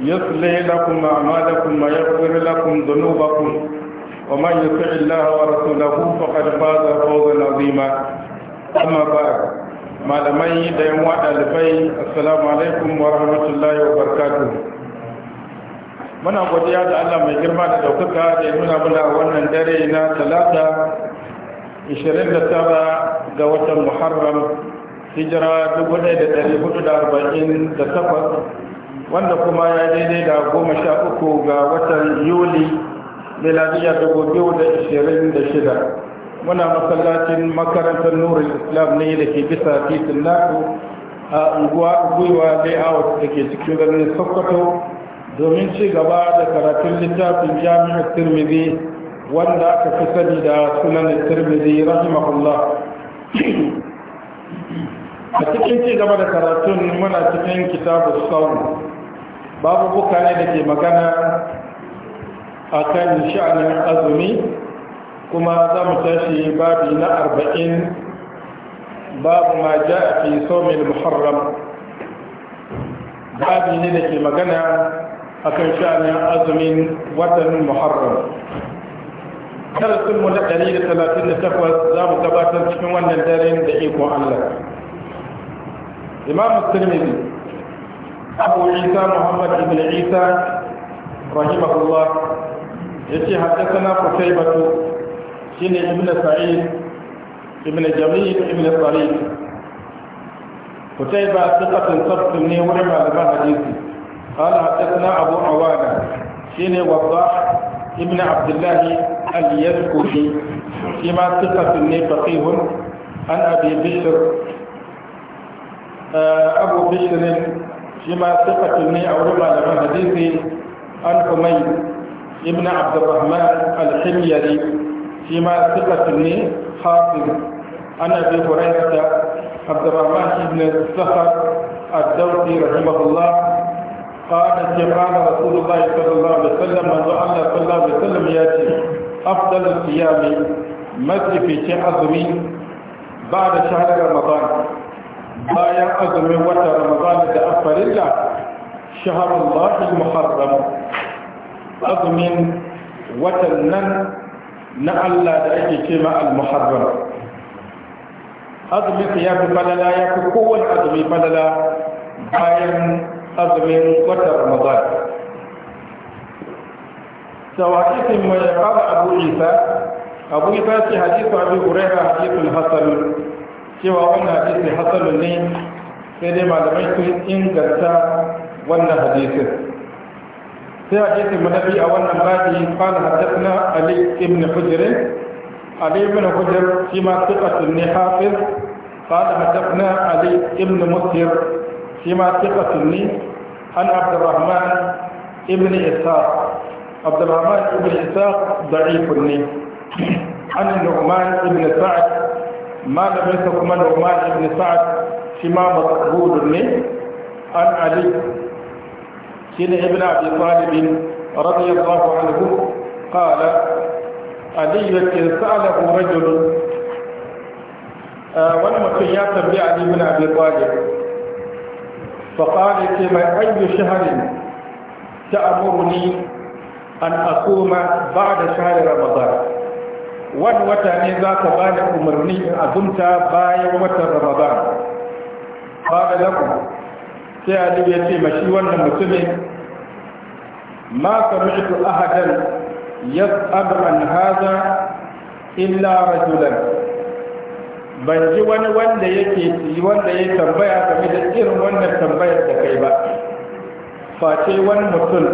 يصلح لكم أعمالكم ويغفر لكم ذنوبكم ومن يطع الله ورسوله فقد فاز فوزا عظيما أما بعد malamai da yan wada alfai assalamu wa rahmatullahi muna godiya da Allah mai girma da daukaka da nuna mana wannan dare na talata 29 ga watan Muharram hijira 1448 wanda kuma ya daidai da goma sha uku ga watan yuli miladiya dubu biyu da ishirin da shida muna masallacin makarantar nurul islam ne da ke bisa titin naku a unguwa gwiwa layout da ke cikin garin sokoto domin ci gaba da karatun littafin jami'ar tirmidhi wanda aka fi sani da sunan tirmidhi rahimahullah a cikin ci gaba da karatun muna cikin kitabu sauri babu buka ne da ke magana a kan sha'anin azumi kuma za mu tashi babi na arba'in babu ma ja a fi somin muharram babi ne da ke magana a kan sha'anin azumin watan muharram darasinmu na 138 za mu gabatar cikin wannan daren da ikon allah imam musulmi أبو عيسى محمد بن عيسى رحمه الله يتي حدثنا قتيبة شين ابن سعيد ابن جميل ابن طريق قتيبة ثقة صبت مني ولم على حديثي قال حدثنا أبو عوانة شين وضاح ابن عبد الله اليذكري فيما ثقة مني فقيه عن أبي بشر آه، أبو بشر فيما ثقة مني أو ربع لما حديثي عن حميد ابن عبد الرحمن الحميري فيما ثقة مني حافظ عن أبي هريرة عبد الرحمن بن الزهر الدوسي رحمه الله قال كما رسول الله صلى الله عليه وسلم من صلى الله عليه وسلم ياتي افضل القيام مسجد في شيخ بعد شهر رمضان bayan azumin wata ramadan da afarilla shaharun lahil muharram azumin watan nan na allah da ake ce ma al-muharram azumin ya fi falala ya fi kowane azumi falala bayan azumin wata ramadan سواكيس ما يقال أبو عيسى أبو عيسى في حديث أبي هريرة حديث الحسن cewa wannan hadisi hasalu ne sai dai malamai sun inganta wannan hadisin sai hadisin manabi a wannan babi qala haddathna ali ibn hujr ali ibn hujr shi ma thiqatun ne hafiz qala haddathna ali ibn musir shi ma thiqatun ne an abdurrahman ibn ishaq abdurrahman ibn ishaq da'ifun ne an nu'man ibn sa'd ماذا بيسك من عمال بن سعد شمام مقبول لي عن علي سين ابن أبي طالب رضي الله عنه قال علي إن سأله رجل آه، ولم يكن يأتي بعلي بن أبي طالب فقال فيما أي شهر تأمرني أن أقوم بعد شهر رمضان wani wata ne za ka ba da umarni in azumta bayan watan ramadan ba da laku sai aliyu ya ce ma shi wannan mutumin ma sami'tu ahadan yas'alu an haza illa rajulan ban ji wani wanda yake wanda ya tambaya game da irin wannan tambayar da kai ba face wani mutum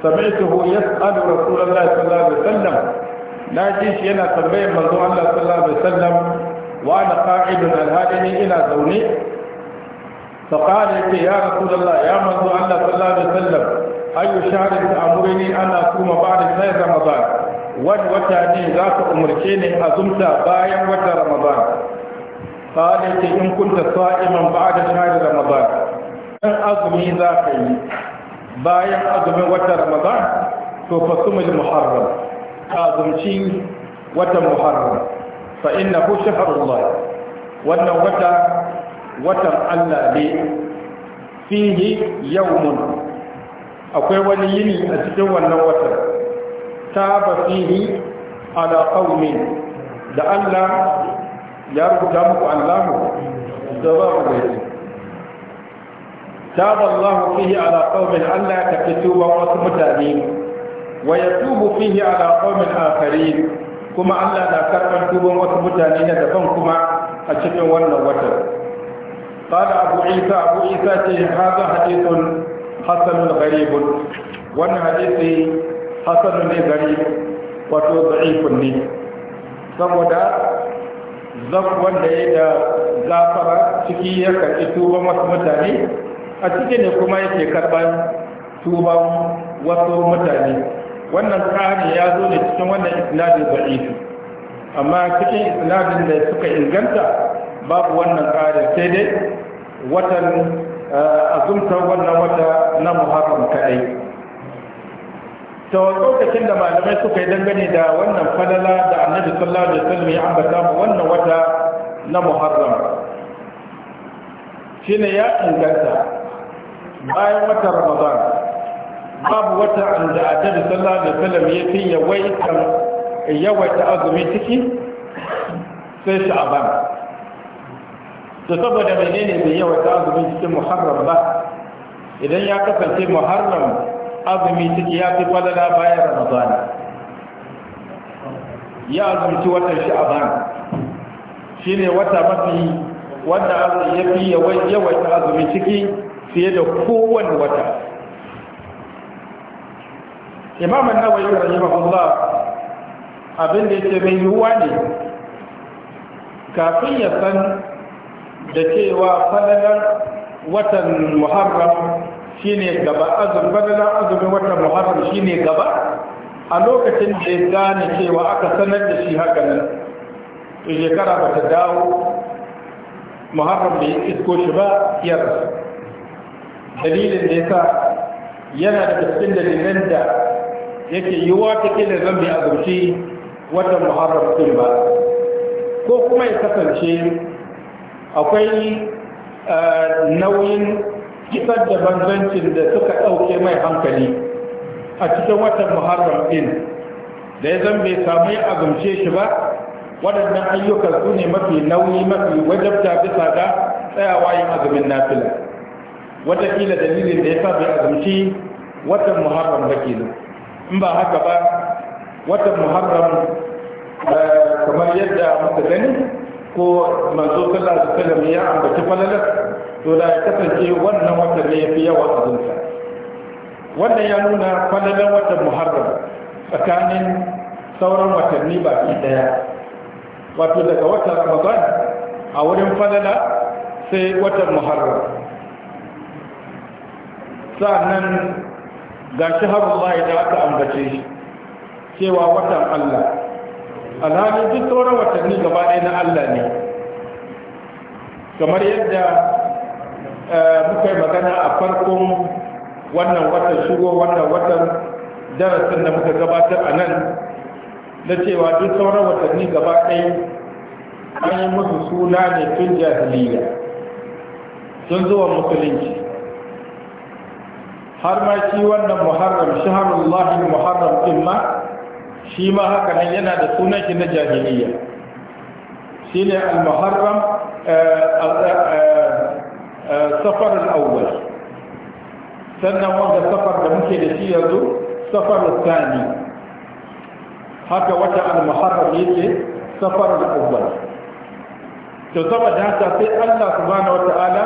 Hu sami'tuhu yas'alu rasulullahi sallallahu alaihi wasallam na ji shi yana tambayar manzo Allah sallallahu alaihi wasallam wa ana qa'idun alhadini ina zaune fa qala ya rasulullah ya manzo Allah sallallahu alaihi wasallam ayu shahrin ta'muruni ana kuma ba'da sai ramadan wani wata ne za ka umarce ni azumta bayan wata ramadan qala ta in kunta sa'iman ba'da shahri ramadan in azumi za ka yi bayan azumin wata ramadan to fa sumul muharram kazumci watan muharram fa innahu shahrullah wannan wata watan Allah ne fihi yawmun akwai wani yini a cikin wannan watan Ta taba fihi ala qaumin da Allah ya rubuta muku Allahu da za ku gari taba Allah fihi ala qaumin Allah ya tafi tuba wasu mutane wa yatubu fihi ala qaumin akharin kuma Allah na karban tuban wasu mutane na daban kuma a cikin wannan watan qala abu isa abu isa ce hada hadithun hasanun gharib wannan hadisi hasanun ne gharib wato da'ifun ne saboda zan wanda ya da zafara ciki ya karɓi tuban wasu mutane a ciki ne kuma yake karɓar tuban wasu mutane wannan ƙari ya zo ne cikin wannan isnadin ba'idu, amma cikin isnadin da suka inganta babu wannan ƙari sai dai watan eh, azumtar wannan wata na muharram kaɗai To lokacin da malamai suka yi dangane da wannan falala da annabi sallallahu alaihi wasallam ya ambata mu wannan wata na muharram shine ya inganta bayan watan ramadan babu wata da annabi sallallahu alaihi wasallam ya fi yawaita yawaita azumi ciki sai sha'ban to saboda menene bai yawaita azumin cikin muharram ba idan ya kasance muharram azumi ciki ya fi falala bayan Ramadan? ya azumci watan sha'ban shine wata mafi wanda ya fi yawaita azumin ciki fiye da kowane wata imam an ba rahimahullah abin da yake mai yiwuwa ne kafin ya san da cewa falalar watan muharram shine gaba azumin falalar azumin watan muharram shine gaba a lokacin da ya gane cewa aka sanar da shi haka nan to shekara ba ta dawo muharram da ya isko shi ba ya dalilin da ya sa yana da cikin dalilan da yake yi wa ta kila zan a azurci watan muharram din ba ko kuma ya kasance akwai eh, nauyin kisar da banzancin da suka ɗauke mai hankali a cikin watan muharram din da ya zan bai samu ya azumce shi ba waɗannan ayyukan su ne mafi nauyi mafi wajabta bisa ga tsayawa yin azumin nafila kila dalilin da ya sa bai azumci watan muharram ba kenan in ba haka ba watan muharram eh, kamar yadda muka gani ko manzo sallallahu alaihi wasallam ya ambaci falalar to da ya kasance wannan watan ne yafi yawa a zuciya wannan ya nuna falalar watan muharram tsakanin sauran watanni ba ki daya wato daga watan ramadan a wurin falala sai watan muharram sa'annan ga shaharun layi da aka ambace shi cewa watan Allah alhali duk sauran watanni gaba ɗaya na Allah ne kamar yadda eh, muka yi magana a farkon wannan watan shigo wannan watan darasin da muka gabatar a nan na cewa duk sauran watanni gaba ɗaya an yi musu suna ne tun jahiliya sun zuwa musulunci har ma shi wannan muharram shaharullahi muharram din ma shi ma haka nan yana da sunan shi na jahiliya shi ne al-muharram eh, eh, eh, safar al-awwal sannan wanda safar da muke da shi yanzu safar al-thani haka wata al-muharram yake safar al-awwal to saboda haka sai Allah subhanahu ta'ala.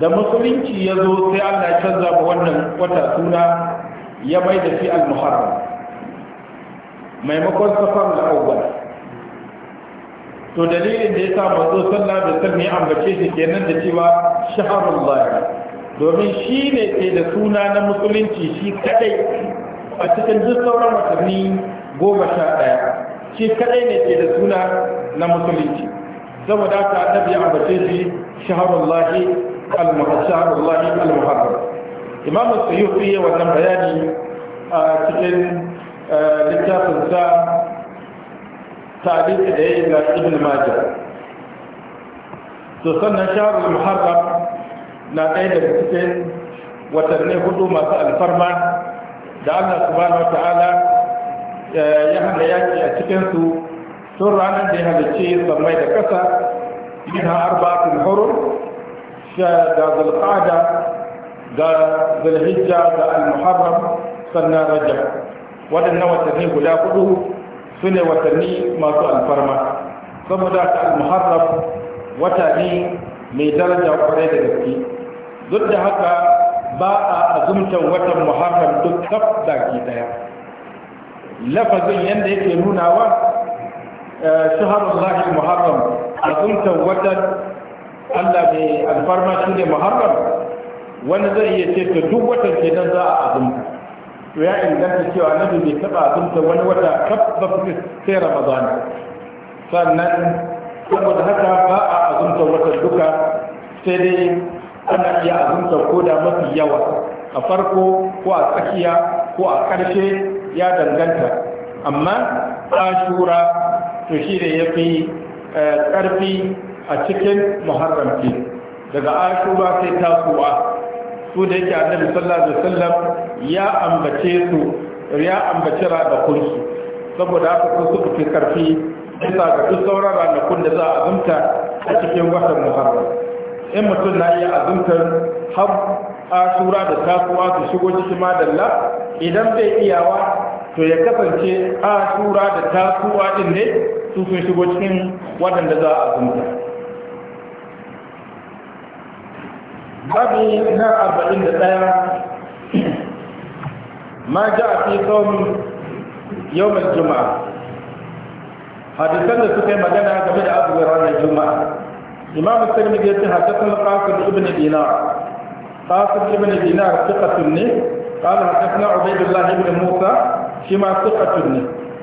da musulunci ya zo sai Allah ya canza ba wannan wata suna ya mai da fi al-muharram maimakon safar da to dalilin da ya sa manzo sallah da ya ambace shi kenan da cewa shahrullah domin shi ne sai da suna na musulunci shi kadai a cikin duk sauran watanni goma sha ɗaya shi kadai ne sai da suna na musulunci saboda ta annabi ya ambace shi shahrullahi al-muharram al-muharram imam as-suyuti wannan bayani a cikin littafin sa tarihi da yayi ga ibn majah to sannan shahrul muharram na ɗaya daga cikin watanni hudu masu alfarma da Allah subhanahu wa ta'ala ya hana yaki a cikinsu tun ranar da ya halicci sammai da ƙasa ina arba'atul hurum ga zulqa'ada ga zulhijja ga al-muharram sannan rajab waɗannan watanni guda hudu su ne watanni masu alfarma saboda al-muharram wata ne mai daraja kwarai da gaske duk da haka ba a azumtan watan muharram duk kaf baki daya lafazin yadda yake nunawa eh, shaharun lahil muharram azumtan watan Allah mai alfarma shi ne muharram wani zai iya ce ta duk watan kenan za a azumta to ya inganta cewa nabi bai taba azumta wani wata ba fi sai ramadan sannan saboda haka ba a azumta wata duka sai dai ana iya azumta ko da mafi yawa a farko ko a tsakiya ko a ƙarshe ya danganta amma ashura to shi ne ya fi eh, ƙarfi a cikin muharram ke daga ashura sai tasowa su da yake annabi sallallahu alaihi wasallam ya ambace su ya ambace da kunsu saboda haka su suka fi karfi bisa ga duk sauran ranakun da za a azumta a cikin watan muharram in mutum na iya azumtar har asura da tasowa su shigo cikin madalla idan bai iyawa to ya kasance asura da tasowa din ne su sun shigo cikin waɗanda za a azumta babi na arba'in da ɗaya ma ji a fi yawon juma'a hadisan da suka yi magana game da abubuwan ranar juma'a imam musulmi ya ce hadisan qasim ibn dinar qasim ibn dinar thiqatun ne قال حدثنا عبيد الله بن موسى فيما ثقة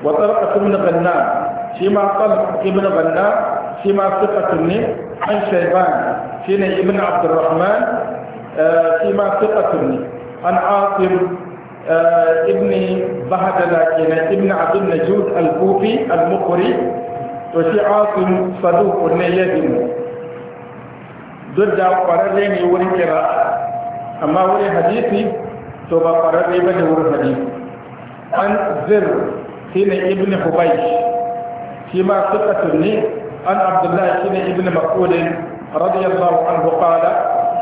وطلقة بن غنام فيما طلق ابن غنام فيما ثقة عن شيبان شين ابن عبد الرحمن آه، فيما ثقة عن عاصم آه، ابن بهدلة لكن ابن عبد النجود الكوفي المقري وشي عاصم صدوق يدم ضد قرارين يوري قراءة أما وري حديثي تبا قرار ابن وري حديث عن زر حين ابن حبيش فيما ثقة عن عبد الله حين ابن مقول رضي الله عنه قال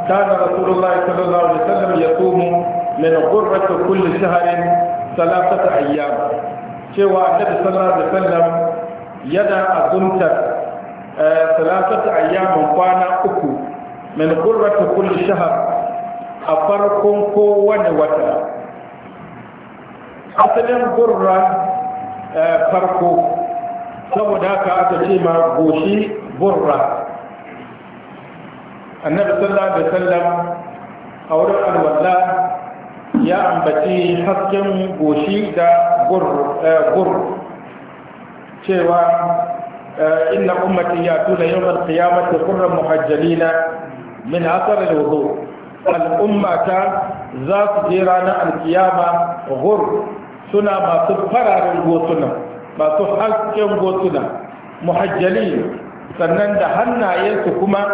كان رسول الله صلى الله عليه وسلم يصوم من غرة كل شهر ثلاثة أيام cewa annabi sallallahu alaihi wasallam yana azumtar salasata eh, ayyamin kwana uku min qurrati kulli shahr a farkon kowane wata asalin gurra eh, farko saboda haka aka ce ma goshi burra annabi sallallahu alaihi wasallam a wurin alwala ya ambaci hasken goshi da gur eh, cewa eh, inna ummati ya tuna yawmal qiyamati qurran muhajjalina min athar alwudu al'ummata za su je ranar alkiyama gur suna masu fararen gotuna masu hasken gotuna muhajjalina sannan da hannayensu kuma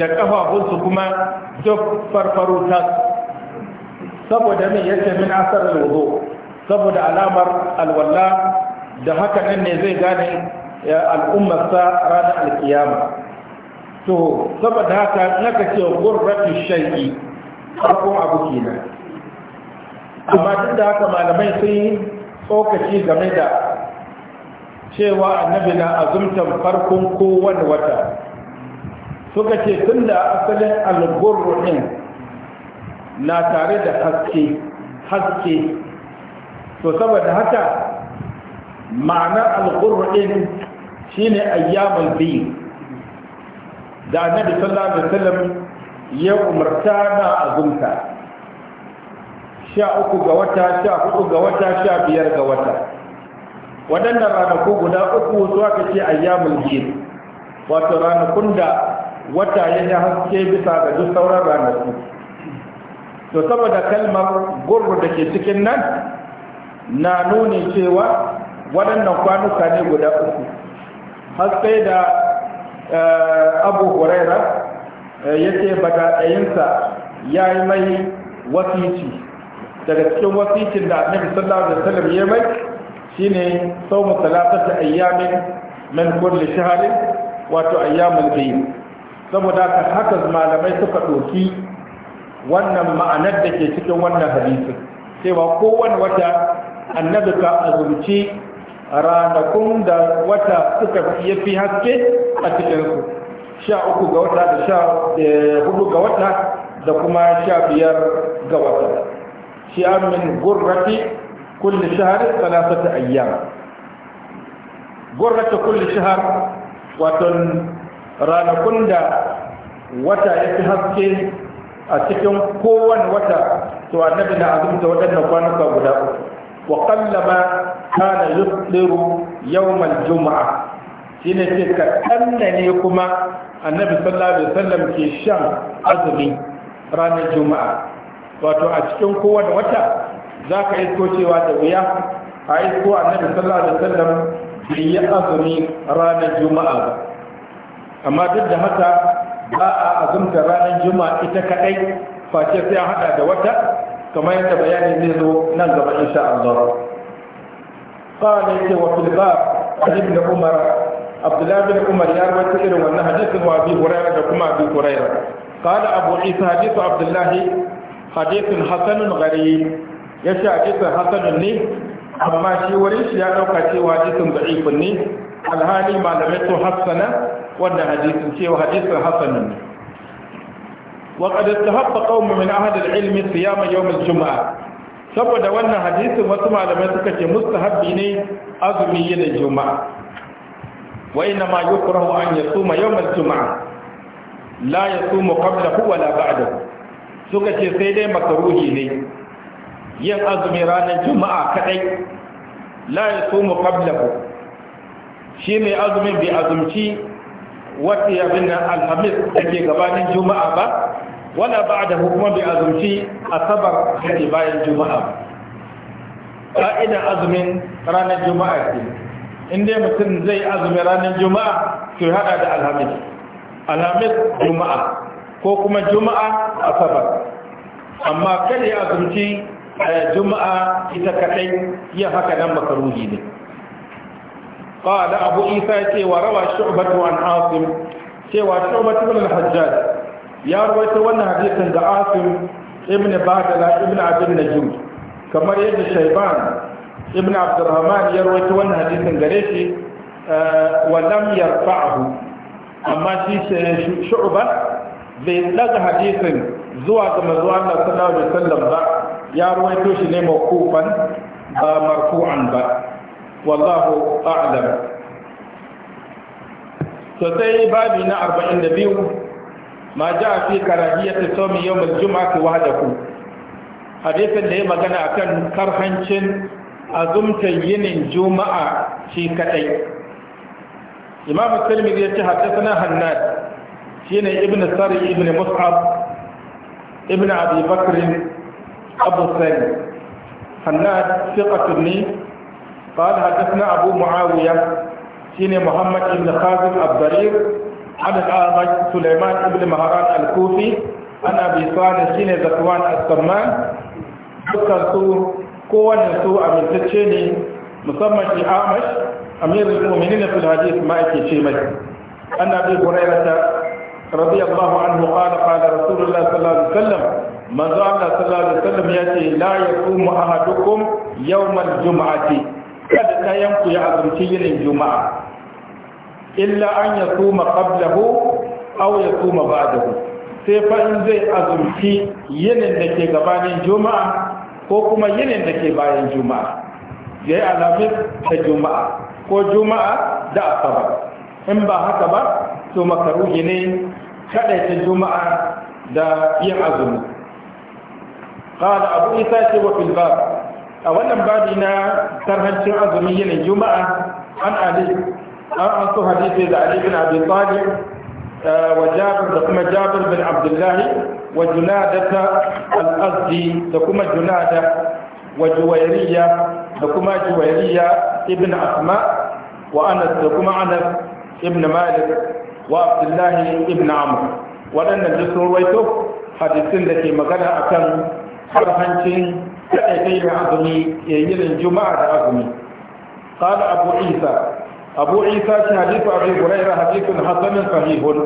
da ƙafafunsu kuma duk farfaru ta saboda mai yake min asar alwudu saboda alamar alwala da haka nan ne zai gane al'ummarsa ranar alkiyama to saboda haka naka ce gurratu shay'i farkon abu kenan amma duk da haka malamai sun tsokaci game da cewa annabi na azumtan farkon kowane wata suka ce tun da asalin algurru na tare da haske haske to saboda haka ma'anar algurru ɗin shi ne da annabi sallallahu alaihi wasallam ya umarta na azumta sha uku ga wata sha hudu ga wata sha biyar ga wata waɗannan ranaku guda uku zuwa ka ce ayyamul wato ranakun da wata ya haske bisa ga duk sauran ranaku to saboda kalmar gurbu da ke cikin nan na nuni cewa waɗannan kwanuka ne guda uku haske da eh, abu huraira eh, ya ce ɗayinsa ya yi mai wasici daga cikin wasicin da annabi sallallahu alaihi wasallam ya mai shine sawmu talatata ayyamin min kulli shahrin wato ayyamul bayt saboda ka haka malamai suka doki wannan ma'anar da ke cikin wannan hadisi cewa kowane wata annabi ka azumci ranakun da wata suka yafi haske a cikin su sha uku ga wata da sha hudu ga wata da kuma sha biyar ga wata shi amin gurrati kulli shahar salasata ayyam gurrata kulli shahar waton ranakun da wata ya fi haske a cikin kowane wata to annabi na azumta waɗannan kwanuka guda uku wa qallama kana yufdiru yawmal juma'a shine ce kaɗan ne kuma annabi sallallahu alaihi wasallam ke shan azumi ranar juma'a wato a cikin kowane wata za ka yi cewa da wuya a yi ko annabi sallallahu alaihi wasallam bai yi azumi ranar juma'a ba amma duk da haka ba a azumta ranar juma'a ita kadai face sai a haɗa da wata kamar yadda bayanin zai zo nan gaba insha Allah qala ya wa fil bab ibn umar abdullah ibn umar ya rawaita irin wannan hadisin wa bi hurayra da kuma bi hurayra qala abu isa Abdullahi, abdullah Hassanun hasan ya ce hadisin hasanun ne amma shi wurin shi ya dauka cewa hadisin da'ifun ne alhali malamai sun hassana wannan hadisin cewa hadisin hasanun ne وقد استحب قوم من su العلم صيام يوم Juma'a. saboda wannan hadisin wasu malamai suka ce mustahabbi ne azumi yinin juma'a wa inna ma yukrahu an suma yawm al-jum'a la ya suma wa la ba'dahu suka ce sai dai makaruhi ne yin azumi ranar juma'a kadai la ya sumu shi mai azumin bai azumci wata ya nan alhamis da ke gabanin juma'a ba wala ba da hukuma bai azumci asabar da bayan juma'a ka'ida azumin ranar juma'a ke inda dai mutum zai azumi ranar juma'a to hada da alhamis alhamis juma'a ko kuma juma'a asabar amma kada ya azumci juma'a ita kadai yin haka nan makaruhi ne qala abu isa ce wa rawa shu'batu an asim cewa shu'batu bin hajjaj ya rawaita wannan hadisin da asim ibn badala ibn abin najm kamar yadda shayban ibn abdurrahman ya rawaita wannan hadisin gare shi eh, wa lam yarfa'hu amma shi shubatu bai daga hadisin zuwa ga manzo Allah sallallahu alaihi wasallam ba ya ruwaito shi ne mawqufan ba marfu'an ba wallahu a'lam to sai babi na 42 ma ja fi karahiyati sawmi yawm al-jum'ati hadaku hadisin da ya magana akan karhancin azumta yinin juma'a shi kadai imam muslim ya ce haddathana hannad ابن سري ابن مصعب ابن ابي بكر ابو سري sa'id ثقه thiqatuni قال حدثنا ابو معاويه شيني محمد ابن خازم الضرير عن الاعمج سليمان ابن مهران الكوفي عن ابي صالح شيني زكوان السمان ذكرت كون سوء من تشيني مسمى امير المؤمنين في الحديث ما يكفي شيء ان ابي هريره رضي الله عنه قال قال رسول الله صلى الله عليه وسلم من قال صلى الله عليه وسلم يأتي لا يقوم أحدكم يوم الجمعة قد لا يمكو يعظم شيئا الجمعة إلا أن يصوم قبله أو يصوم بعده سيفا إن زي zai azumci yinin da الجمعة وكما juma'a ko kuma yinin da ke bayan juma'a ya yi alamis da juma'a ko juma'a da asabar in ba haka ba to makaruhi ne kaɗaita juma'a da yin azumi ƙada abu isa ce wa filba a wannan babi na tarhancin azumi yanin juma'a an an so hadisi da ali bin abi talib wa jabir da kuma jabir bin abdullahi wa junadata al da kuma junada wa da kuma juwairiyya ibn asma wa da kuma anas ibn malik wa abdullahi ibn amr waɗannan duk sun hadisin da ke magana akan harhancin kaɗaiɗai da azumi ya yi rin juma'a da azumi qala abu isa abu isa shi hadithu abi hurairah hadithun hasanun sahihun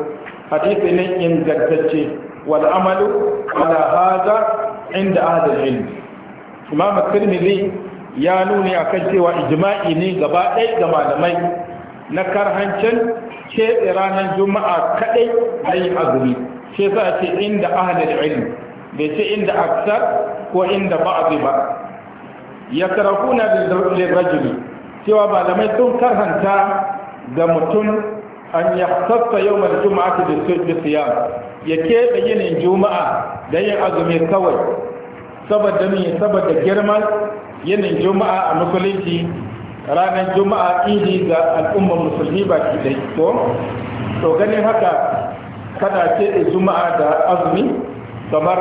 hadisi ne ingantacce wal amalu ala hada inda ahli ilmi imam at-tirmidhi ya nuni akan cewa ijma'i ne gaba ɗaya ga malamai na karhancin ce ranar juma'a kaɗai na yin azumi ce za a ce inda ahalar ilmi bai ce inda aksar ko inda ba'azi ba ya karahuna lirajuli cewa malamai sun karhanta ga mutum an ya sassa yau mai juma'a ta bisiyam ya keɓe yinin juma'a da yin azumi kawai saboda ne saboda girman yinin juma'a a musulunci ranar juma'a idi ga al'ummar musulmi baki dai ko to ganin haka kada keɓe juma'a da azumi kamar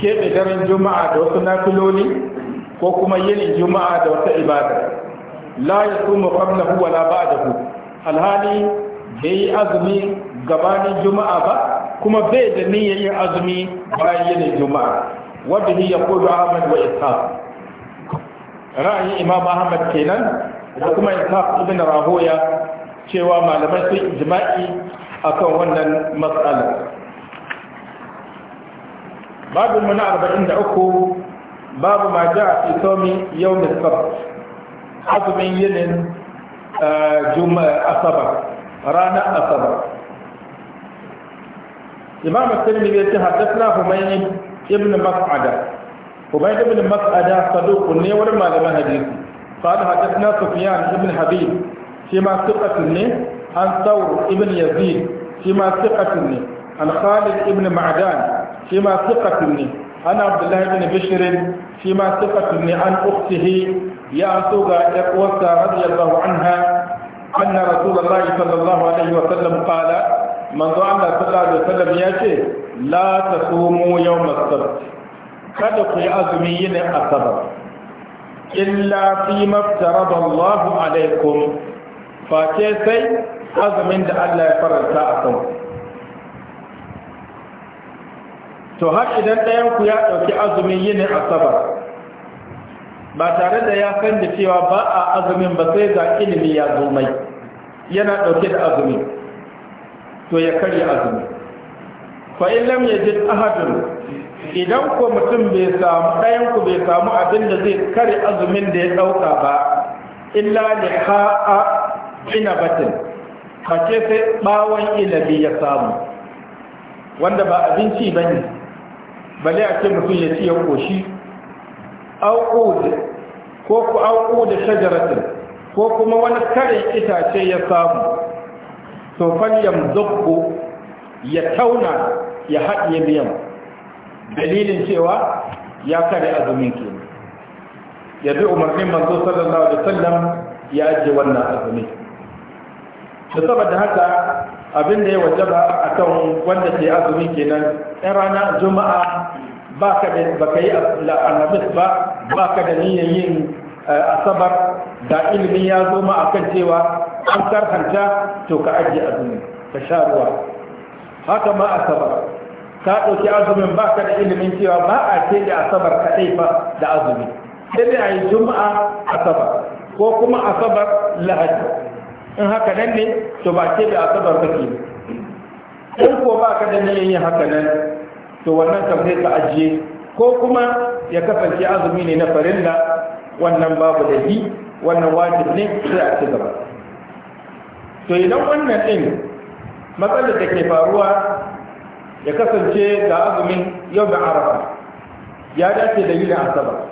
keɓe daren juma'a da wasu nafiloli ko kuma yin juma'a da wata ibada la ya kuma qablahu huwa la ba'dahu alhali bai yi azumi gabanin juma'a ba kuma bai da niyyar yin azumi bayan yinin juma'a wanda ni yaqulu Ahmad wa Ishaq ra'ayin imam ahmad kenan da kuma ishaq ibn rahoya cewa malamai sun jima'i akan wannan matsala babu mana 43 babu ma ja fi sawmi yau da sabt azumin yinin eh, juma'a asaba ranar asaba imam at-tirmidhi ya ce haddathna humayni ibn mas'ada ubayda ibn mas'ada saduq ne wani malamin hadisi qala hadathna sufyan ibn habib shi ma thiqatun ne an saw ibn yazid shi ma thiqatun ne an ibn ma'dan shi ma thiqatun ne an abdullah ibn bishr shi ma thiqatun ne an ukhtihi ya antuga ya qawsa radiyallahu anha anna rasulullah sallallahu alaihi wa sallam qala manzo allah sallallahu alaihi wa sallam ya ce la tasumu yawm yau sabt kada ku yi azumi yinin asabar illa fi maftarada Allah alaikum face sai azumin da Allah ya faranta a kan to har idan ɗayan ku ya ɗauki azumin yinin asabar ba tare da ya san da cewa ba a azumin ba sai ga ilimi ya zo mai yana ɗauke da azumi to ya karya azumi fa in lam yajid ahadun idan ko mutum bai samu ɗayan ku bai samu abin da zai kare azumin da ya ɗauka ba illa li ha'a inabatin kace sai ɓawon ilabi ya samu wanda ba abinci ne bale a ce mutum ya ci ya koshi ko ku auku da shajaratin ko kuma wani kare itace ya samu to fal yamzuqu ya tauna ya haɗiye biyan dalilin cewa ya kare azumin ke ya bi umarnin manzo sallallahu alaihi wasallam ya ajiye wannan azumin da saboda haka abin da ya wajaba akan wanda ke azumi kenan ɗan rana juma'a ba ka da ba ka yi alhamis ba ba ka da niyyar yin eh, asabar da ilimi ya zo ma akan cewa an karhanta to ka ajiye azumin ka sha ruwa haka ma asabar ka ɗauki azumin ba ka da ilimin cewa ba a ce da asabar kaɗai fa da azumi sai dai a yi juma'a asabar ko kuma asabar lahadi in haka nan ne to ba ce da asabar kake in ko ba ka da niyan yin haka nan to wannan kan sai ka ajiye ko kuma ya kasance azumi ne na farilla wannan babu da bi wannan wajib ne sai a ci gaba to idan wannan ɗin matsalar da ke faruwa ya kasance da azumin yau da arafa ya dace da yin asabar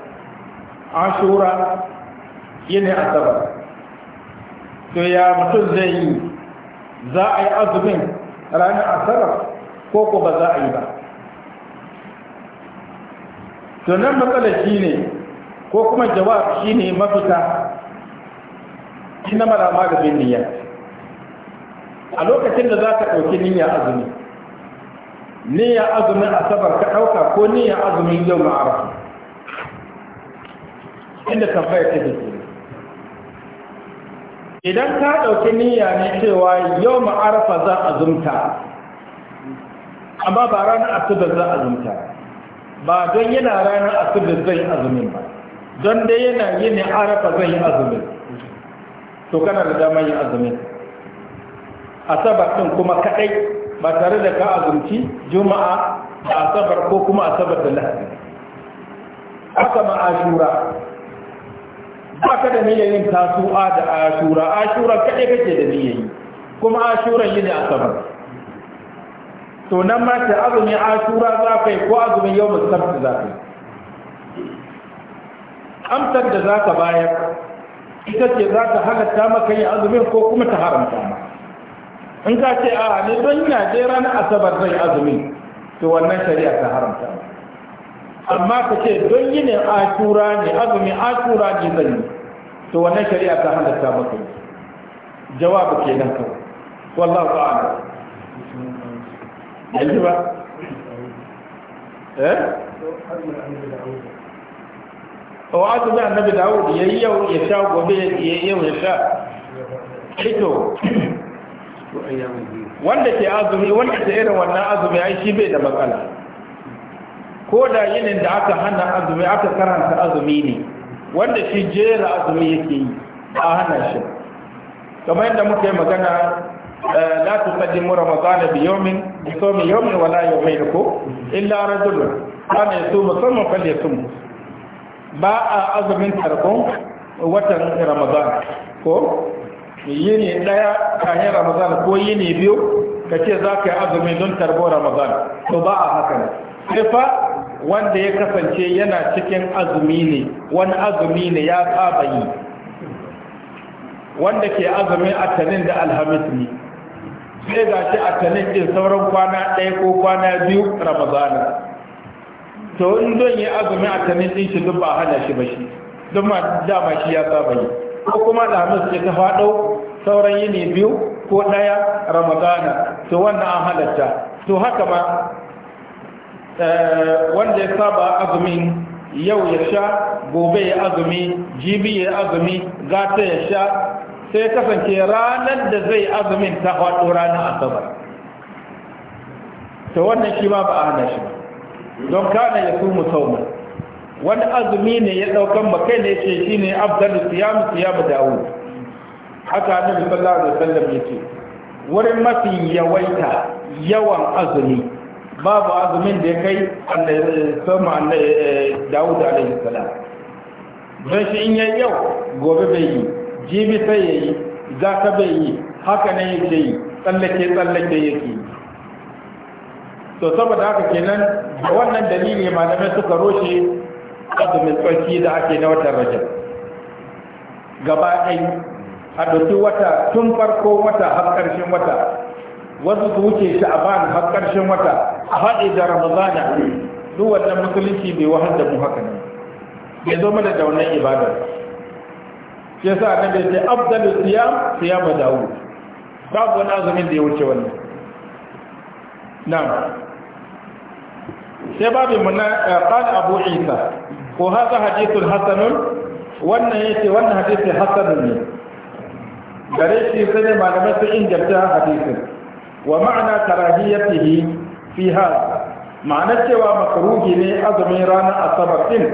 ashura yin asabar to ya mutum zai yi za a yi azumin ranar asabar ko ko ba za a yi ba to nan matsala shi ne ko kuma jawab shi ne mafita shi na malama da bin niyya a lokacin da za ka ɗauki niyya azumin. niyya azumin asabar ka ɗauka ko niyya azumin yau ma'arafa inda tambaya ta da ke idan ka ɗauki niyya ne cewa yau ma'arafa za a zumta amma ba ranar asibar za a zumta ba don yana ranar asibar zai azumin ba don dai yana yi ne arafa zai azumin to kana da damar yin azumin asabar ɗin kuma kaɗai ba tare da ka azumci juma'a da asabar ko kuma asabar da lahadi haka ma ashura ba ka da niyyar yin tasu'a da ashura ashura kaɗai kake da niyyar yi kuma ashura yi ne asabar to nan ma ta azumin ashura za ka yi ko azumin yau musamman za ka yi amsar da za ka bayar ita ce za ta halatta maka yin azumin ko kuma ta haramta maka in ka ce a ne don ina je ranar asabar zai azumi to wannan shari'a ta haramta amma ka ce don yi ne ashura ne azumi ashura ne zan yi to wannan shari'a ta halatta maka yi jawabu kenan kawai wallahu a'lam yanzu ba eh o oh, azumi annabi dawud yayi yau ya sha gobe ya yau ya sha ito wanda ke azumi wanda ke irin wannan azumi ai shi bai da matsala ko da yinin da aka hana azumi aka karanta azumi ne wanda shi jera azumi yake yi a hana shi kamar yadda muka yi magana eh, la tuqaddimu ramadana bi yawmin bi sawmi yawmin wala yawmayn ko illa rajulun kana yasumu sawman falyasum ba a azumin tarkon watan ramadan ko yini daya kayan ramadan ko yini biyu ka ce za ka yi azumi don tarbo ramadan to ba a haka ne sai fa wanda ya kasance yana cikin azumi ne wani azumi ne ya saba yi wanda ke azumin atanin da alhamis ne sai ga shi atanin din sauran kwana ɗaya ko kwana biyu ramadan to in don yi a atanin din shi duk ba hana shi ba shi don ma dama shi ya saba yi ko kuma alhamis ce ta faɗo sauran yini biyu ko ɗaya ramadana to wannan an halatta to haka ba eh, wanda ya saba azumin yau ya sha gobe ya azumi jibi ya azumi gata ya sha sai kasance ranar da zai azumin ta faɗo ranar asabar to wannan shi ma ba a hana shi don kana ya sumu sauman wani azumi ne ya ɗaukan makai ne ce shi ne abdalu siyamu siyamu dawud haka annabi sallallahu alaihi wasallam yake wurin mafi yawaita yawan azumi babu azumin da ya kai sama eh, dawud alaihi salam don shi in yayi yau gobe bai yi jibi sai yayi yi ka bai yi haka ne yake yi tsallake tsallake yake yi to saboda haka kenan da wannan dalili malamai suka roshe azumin tsarki da ake na watan rajab gaba ɗaya a ɗauki wata tun farko wata har ƙarshen wata wasu su wuce sha'aban har ƙarshen wata a haɗe da ramadana duk wannan musulunci bai wahal da mu haka nan bai zo mana da wannan ibadar shi yasa annabi ya ce siya siya ma dawud babu wani azumin da ya wuce wannan na sai babu muna eh, qala abu isa ko haka hadithul hasanun wannan yake wannan hadisi hasanun ne gare shi sai ne malamai sun inganta hadisin wa ma'ana karahiyatihi fi hal ma'ana cewa makaruhi ne azumin ranar asabar din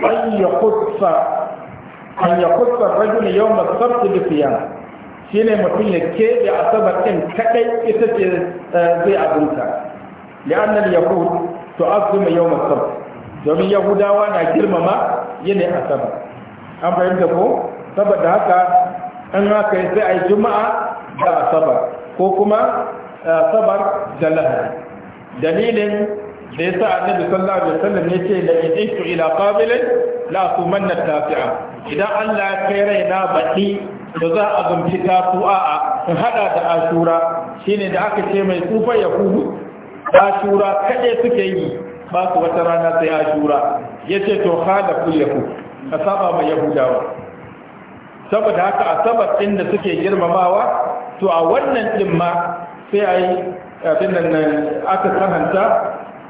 an ya kusa an ya kusa rajul yau masabti da fiya shi ne mutum ya keɓe asabar din kaɗai ita ce zai abinta li'annan yahud to azumi yau masabti domin yahudawa na girmama yin asabar an fahimta ko saboda haka an haka sai a yi juma'a da asabar ko kuma eh, asabar da lahari dalilin da ya sa annabi sallallahu alaihi wasallam ya ce la idaitu ila qabilin la tumanna tafi'a idan Allah ya kai raina baki da za a zumci tafu'a in hada da ashura shine da aka ce mai tsufa ya kuhu ashura kaɗai suke yi ba su wata rana sai ashura ya ce to hada ku yahu ka saba yahudawa saboda haka a asabar ɗin da suke girmamawa to a wannan ɗin ma sai a yi abin nan eh, aka sahanta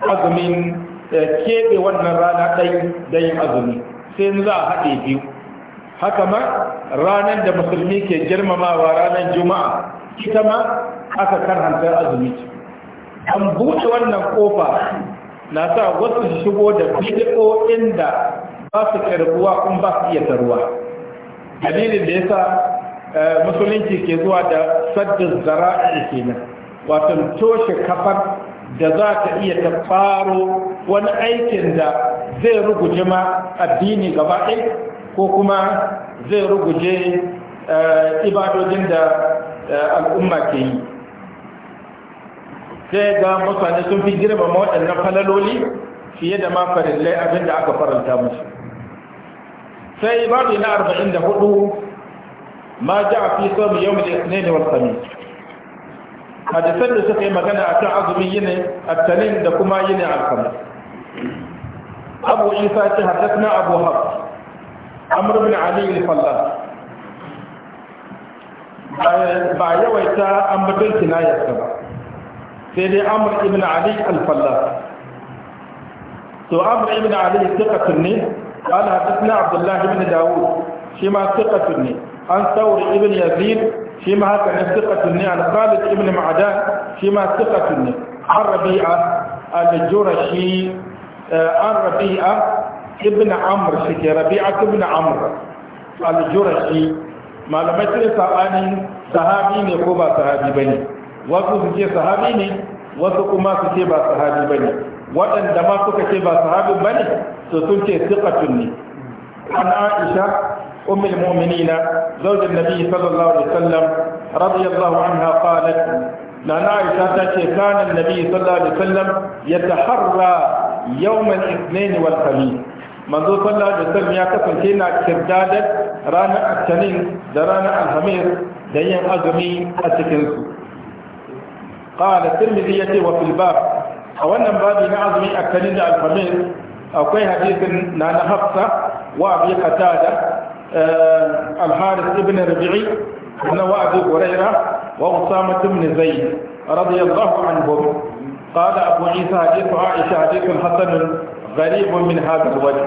azumin eh, keɓe wannan rana ɗai da yin azumi sai za a haɗe biyu haka ma ranar da musulmi ke girmamawa ranar juma'a ita ma aka karanta azumi an buɗe wannan ƙofa na sa wasu shigo da ko inda ba su karbuwa kuma ba su iya taruwa dalilin da yasa eh, musulunci ke zuwa da saddin zara'i nan, wato toshe kafar da za ta iya ta faro wani aikin da zai ruguje ma addini gaba ɗaya ko kuma zai ruguje eh, ibadojin da eh, al'umma ke yi sai ga mutane sun fi girmama waɗannan falaloli fiye da ma farillai abin da aka faranta musu sai babu na arba'in da hudu ma ja a fi sami yau mai ne ne wasu sami hadisan da suka yi magana a kan azumin yini attanin da kuma yini alkamu abu isa ce na abu haf amur bin ali falla. ba yawaita an batun kinayarsa ba sai dai amur ibn ali alfalla to amur ibn ali suka tunne قال حدثنا عبد الله بن داود فيما ثقة عن ثور بن يزيد فيما هكذا ثقة عن خالد بن معدان فيما ثقة عن ربيعة الجرشي عن ربيعة ابن عمرو شكي ربيعة ابن عمرو الجرشي ما لم يترسى أن sahabi ne ko ba sahabi bane wasu su ce sahabi ne wasu kuma su ce ba sahabi bane waɗanda ma suka ce ba sahabin bane to sun ce siqatun ne an aisha أم المؤمنين زوج النبي صلى الله عليه وسلم رضي الله عنها قالت لأن عائشة كان النبي صلى الله عليه وسلم يتحرى يوم الاثنين والخميس منذ صلى الله عليه وسلم يكفن كنا كردادة رانا التنين درانا الخميس دين أزمي أتكنسو قال الترمذية وفي الباب a wannan babi na azumi a kanin da alfamis akwai hadisin na na hafsa wa abi qatada eh, al-harith ibn rabi'i na wa abi hurairah wa usama ibn zayd radiyallahu anhum قال أبو عيسى حديث عائشة حديث حسن غريب من هذا الوجه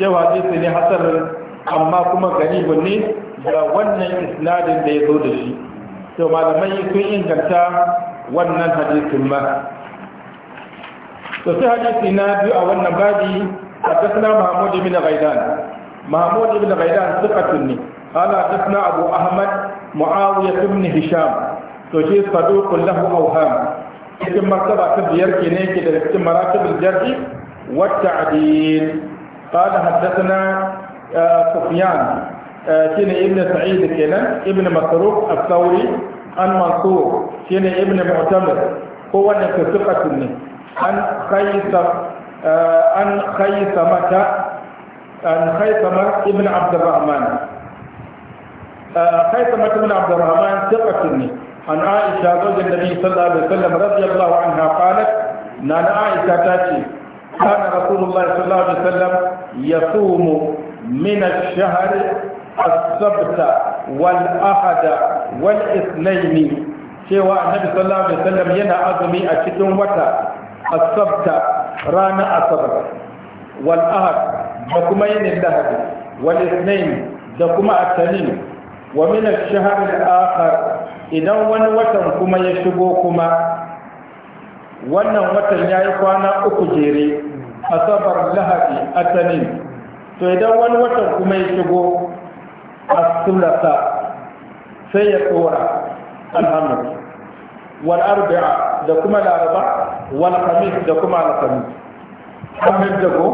cewa hadisi ne hasarin amma kuma garibin ne da wannan isnadin da ya zo da shi to malamai sun inganta wannan hadisin ma وفي حديث نابي أو النبادي حدثنا محمود بن غيلان محمود بن غيلان ثقة قال حدثنا أبو أحمد معاوية بن هشام وشي صدوق له أوهام cikin martaba ta biyar ke ne ke da cikin maratibul jar'i wa ta'dil qala haddathana sufyan shine ibn sa'id kenan ibn masruq al-thawri an mansur shine ibn mu'tamir kowanne ka thiqatun ne an khaisamata uh, an khaisama ibn abdurrahman uh, khaisamata ibn abdurrahman thiqatun ne an aisha zawjin nabi sallallahu alaihi wasallam radiyallahu anha qalat nana aisha ta ce kana rasulullahi sallallahu alaihi wasallam yasumu min ash-shahr as-sabt wal ahad wal ithnayn cewa annabi sallallahu alaihi wasallam yana azumi a cikin wata asabta ranar asabar wal da kuma yinin lahadi walisnayin da kuma atanin wa min ash-shahr al idan wani watan kuma ya shigo kuma wannan watan ya yi kwana uku jere asabar lahadi atanin to idan wani watan kuma ya shigo as sai ya tsora alhamdu wal da kuma laraba wal khamis da kuma al khamis khamis da ko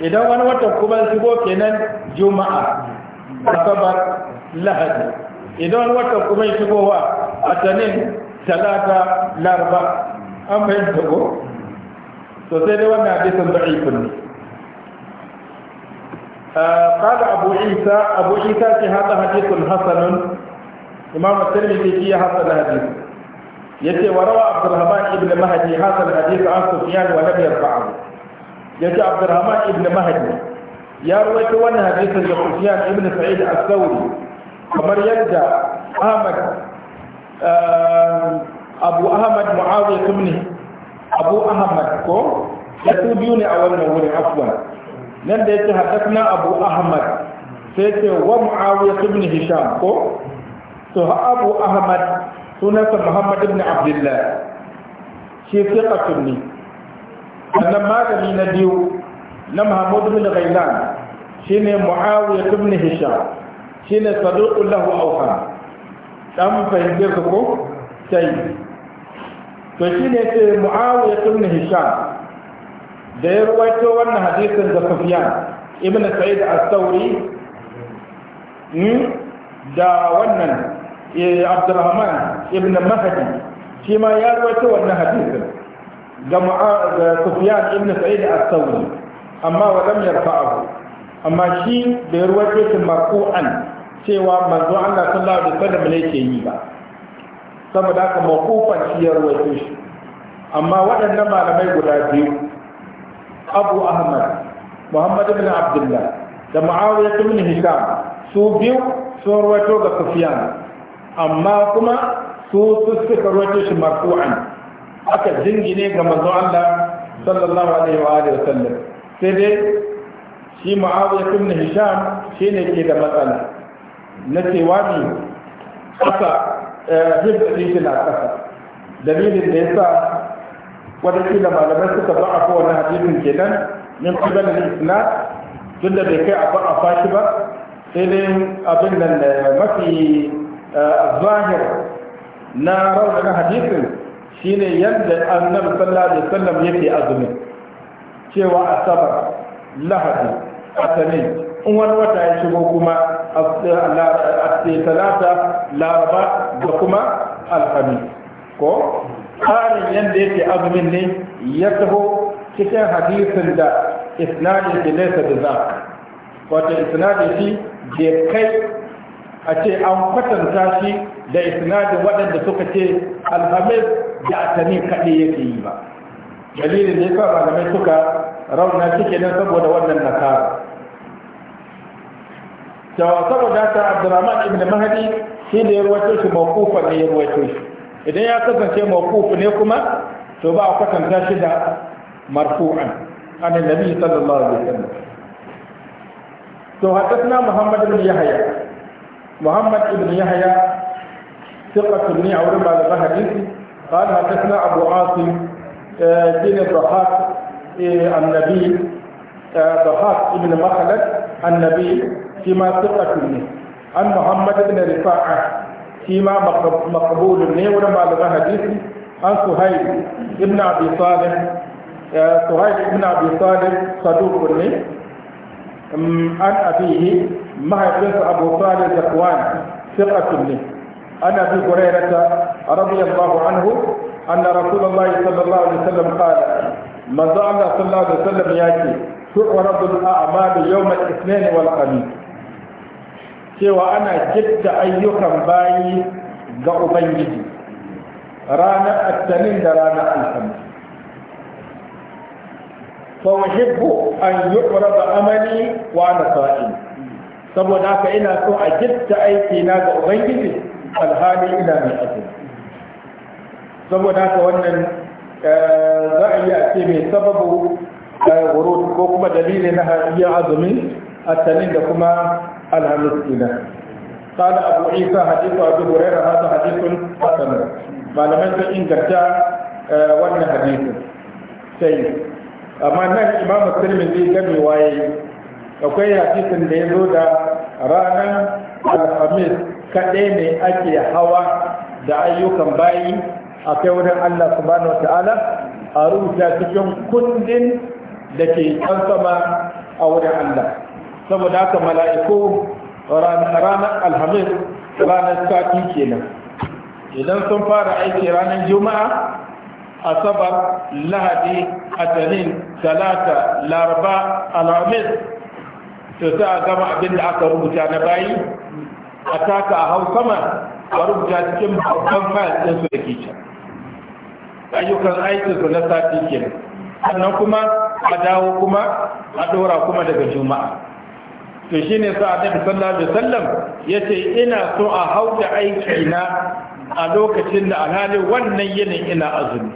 idan wani watan kuma shigo kenan juma'a asabar lahadi idan wani watan kuma wa atanin talata larba an da ko to sai dai wannan hadisin da'ifin ne قال أبو عيسى أبو عيسى في هذا حديث حسن إمام الترمذي فيه حسن حديث yace wa rawa abdurrahman ibn mahdi hasan hadith an sufyan wa lam yarfa'u yace abdurrahman ibn mahdi ya ruwaito wannan hadisin da sufyan ibn sa'id as-sauri kamar yadda ahmad eh, abu ahmad muawiya ibn abu ahmad ko ya su biyu ne a wannan wurin afwan nan da yake haddathna abu ahmad sai ce wa muawiya ibn hisham ko to abu ahmad sunansa muhammad ibn abdullah shi fiqatun ne sannan magani na biyu na muhammad ibn ghailan shine muawiya ibn hisham shine saduqul lahu awham dan fahimtar ko sai to shine sai muawiya ibn hisham da ya ruwaito wannan hadisin da Sufyan ibn Sa'id as hmm, da wannan abdurrahman ibn mahdi shi ma ya rawaito wannan hadisin ga sufyan ibn sa'id as-sawri amma wa lam yarfa'ahu amma shi da rawaito shi marfu'an cewa manzo Allah sallallahu alaihi wasallam ne ke yi ba saboda haka mawqufan shi ya rawaito shi amma waɗannan malamai guda biyu Abu Ahmad Muhammad ibn Abdullah da Muawiya ibn Hisham su biyu sun rawaito ga Sufyan amma kuma su suka roce shi marfu'an aka jingine ga manzo Allah sallallahu alaihi wa alihi wasallam sai dai shi Muawiya ibn Hisham shine ke da matsala na cewa ne kasa eh, hibdin shi na kasa dalilin da yasa da malamai suka ba a kowane hadisin kenan min qibal al-islam tunda bai kai a ba a fashi ba sai dai abin nan eh, mafi zahir na raunana hadisin shine yadda annabi sallallahu alaihi yake azumi cewa asabar lahadi asamin in wani wata ya shigo kuma talata laraba da kuma alhamis ko tsarin yadda yake azumin ne ya taho cikin hadisin da isnadin da nesa da za wata isnadin shi kai a ce an kwatanta shi da isnadin waɗanda suka ce alhamis da atani kaɗai yake yi ba dalilin da ya sa malamai suka rauna shi kenan saboda wannan nasara cewa saboda ta abdurrahman ibn mahdi shi ne ya ruwaito shi mawqufa ne ya ruwaito shi idan ya kasance mawquf ne kuma to ba a kwatanta shi da marfu'an an annabi sallallahu alaihi wasallam to hadathna muhammad ibn yahya محمد بن يحيى ثقة بن عورم على الحديث قال حدثنا أبو عاصم آه، دين الضحاك آه، النبي آه، ضحاك بن مخلد النبي فيما ثقة مني عن محمد بن رفاعة فيما مقبول مني ولما لغى حديث عن سهيل بن أبي صالح سهيل بن أبي صالح صدوق مني عن أبيه mahaifinsa abu salih zakwan siqatun ne Ana bi an abi hurairata radiyallahu anhu anna rasulullahi sallallahu alaihi wasallam qala manzo Allah sallallahu alaihi wasallam yake tu'radu al-a'malu yawm al-ithnain wal khamis cewa ana jidda ayyukan bayi ga ubangiji ranar attanin da ranar alhamis fa uhibbu an yu'rada amali wa ana sa'im saboda haka ina so a gifta aiki na ga ubangiji alhali ina mai azumi saboda haka wannan eh, za a iya ce mai sababu eh, wurud ko kuma dalili na iya azumi asalin da kuma alhamis ina قال أبو عيسى حديث أبي هريرة هذا حديث حسن معلومات إن جرتا وأن حديث سيد amma nan imamu tirmidhi gami waye akwai hadisin da ya zo da ranar alhamis kaɗai ne ake hawa da ayyukan bayi a kai wurin allah subhanahu wa ta'ala a rubuta cikin kundin da ke can sama a wurin allah saboda haka mala'iku ranar alhamis ranar sati kenan idan sun fara aiki ranar juma'a asabar lahadi atanin talata laraba alhamis to sai a gama abin da aka rubuta na bayi a taka a hau sama a rubuta cikin babban fayil ɗin su da ke can ayyukan aikin su na sati kenan sannan kuma a dawo kuma a ɗora kuma daga juma'a to ne sa annabi sallallahu alaihi wasallam yace ina so a hau da aikina a lokacin da alhali wannan yinin ina azumi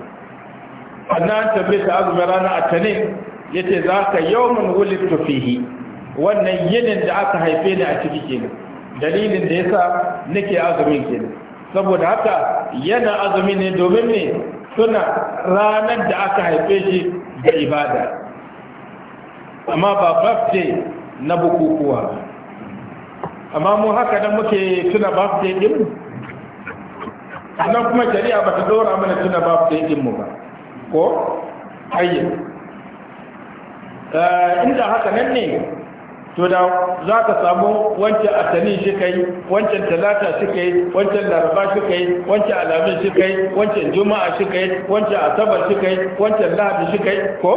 annan tabbata azumi rana a atanin yace zaka min wulittu fihi wannan yinin da aka haife ni a ciki kenan dalilin da yasa nake azumin kenan saboda haka yana azumi ne domin ne suna ranar da aka haife shi da ibada amma ba birthday na bukukuwa amma mu haka nan muke suna birthday din sannan kuma shari'a ba ta dora mana suna birthday din mu ba ko ayye eh, inda haka nan ne to da za ka samu wancan asali shi kai wancan talata shi kai wancan laraba shi kai wancan alamin shi kai wancan juma'a shi kai wancan asabar shi kai wancan lahadi shi kai ko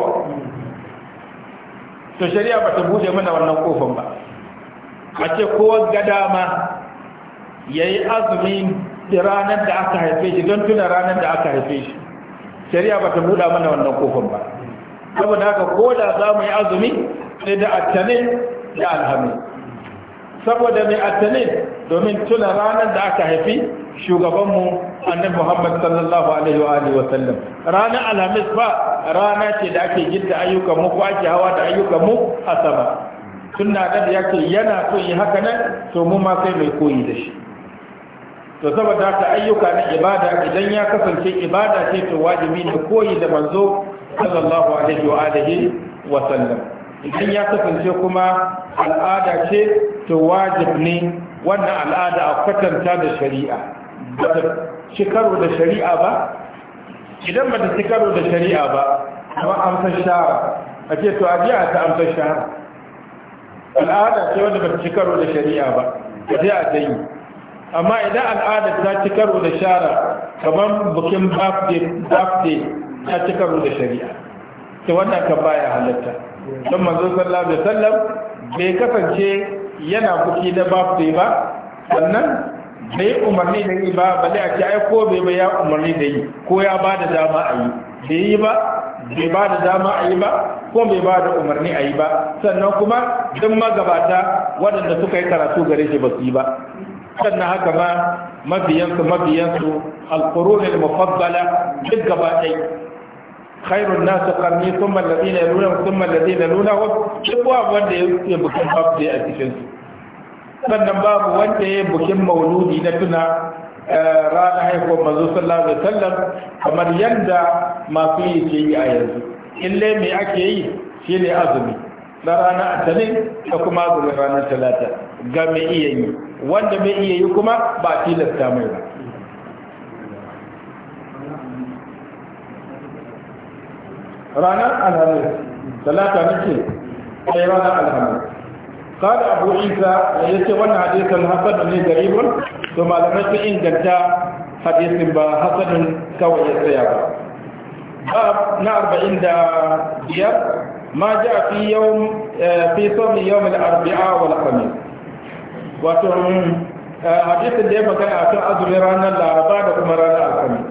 to shari'a ba ta bude mana wannan kofin ba a ce kowa ga dama ya yi azumi da ranar da aka haife shi don tuna ranar da aka haife shi shari'a ba ta buɗa mana wannan kofin ba saboda haka ko da za mu yi azumi sai da attane Ya alhamis saboda mai atani domin tuna ranar da aka haifi shugabanmu annabi muhammad sallallahu alaihi wa alihi wa sallam ranar alhamis ba rana ce da ake gidda ayyukan mu ko ake hawa da ayyukan mu a sama tunda da yake yana so yi haka nan to mu ma sai mai koyi da shi to saboda ta ayyuka na ibada idan ya kasance ibada ce to wajibi ne koyi da manzo sallallahu alaihi wa alihi wa sallam idan ya kasance kuma al'ada ce to wajib ne wannan al'ada a kwatanta da shari'a ba ta ci karo da shari'a ba idan ba ta ci karo da shari'a ba kuma amsar shara a ce to ajiya ta amsar shara al'ada ce wanda ba ta ci karo da shari'a ba ba sai a ta yi amma idan al'ada ta ci karo da shara kamar bukin birthday ta ci karo da shari'a to wannan ka baya halatta don manzo sallallahu alaihi wasallam bai kasance yana fuki na birthday ba sannan bai umarni da yi ba bale a ce ai ko bai ba ya umarni da yi ko ya ba da dama a yi bai yi ba bai ba da dama a yi ba ko bai ba da umarni a yi ba sannan kuma duk magabata waɗanda suka yi karatu gare shi ba su yi ba sannan haka ma mabiyansu mabiyansu alƙurunin mufabbala duk gaba ɗaya khairun nasu karni sun mallabi na luna sun mallabi na luna wasu abu wanda ya bukin babu a cikinsu sannan babu wanda ya bikin mauludi na tuna ranar haihuwar mazu sallallahu alaihi kamar yadda masu yi ke yi a yanzu ille me ake yi shi ne azumi na ranar atanin da kuma azumin ranar talata ga mai iya yi wanda mai iya yi kuma ba a tilasta mai ba ranar alhamis talata nake ai ranar alhamis kada abu isa ya ce wannan hadisin hasanun ne garibun to malamai sun inganta hadisin ba hasanun kawai ya tsaya ba bab na arba'in da biyar ma ja fi eh, fi sami yawm al-arba'a wal khamis wato eh, hadisin da ya magana akan azumin ranar laraba da kuma ranar alhamis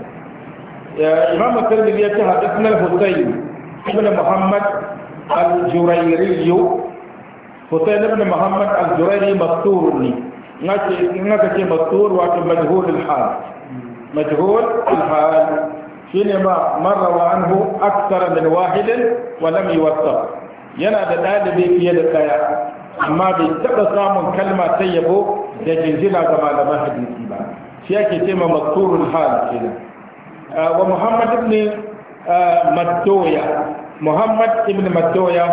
eh, imam at ya ce hadisin al-husayn ibn muhammad al-jurairi husayn ibn muhammad al-jurairi mastur ne naka ce mastur wato majhul al-hal majhul al-hal shine ma marrawa anhu akthar min wahid wa lam yuwaffaq yana da ɗalibi fiye da daya amma bai taɓa samun kalma ta yabo da jinjina ga malaman hadisi ba shi yake ce ma masturul hal kenan wa muhammad ibn matoya Muhammad ibn matoya